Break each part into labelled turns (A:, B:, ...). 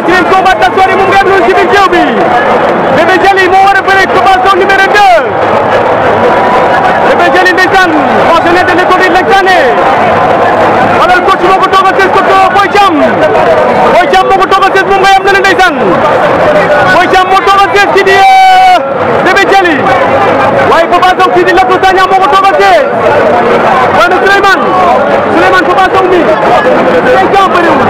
A: quatrième combat de la soirée moom nga am loolu ci biir géew bi Bébé Dialy moo war a bëre Papa Sow numéro 2 Bébé Dialy ndeysaan pensionnaire de l'école yi Langsane xoolal coach moo ko toogal seen coach Boy Thiam Boy Thiam moo ko toogal seen moom ngay am na la ndeysaan Boy Thiam moo toogal seen ci di Bébé Dialy waaye Papa Sow kii di Lapou Sagna moo ko toogal seen waaye nag Souleymane Souleymane Papa Sow mi ay temps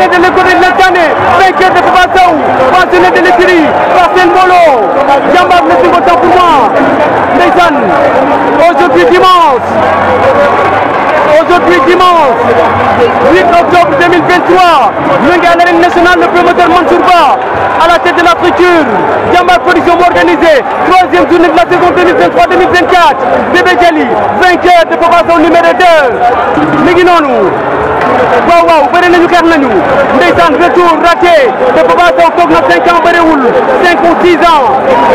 A: passionné de l'économie de l'Intané, hein. vainqueur de Kovasaou, passionné de l'écurie, Marcel Molo, Yambab le pas pour moi, Nathan, aujourd'hui dimanche, aujourd'hui dimanche, 8 octobre 2023, le galerie national, le promoteur Mansourba, à la tête de la structure, Yambab Production organisée, troisième journée de la saison 2023-2024, Bébé Jali, vainqueur de Kovasaou numéro 2, Miginonu. waaw waaw bëri nañu ger nañu ndeysaan retour raté de Papa Sow toog na 5 ans bëriwul 5 ou 6 ans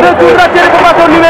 A: retour raté de Papa Sow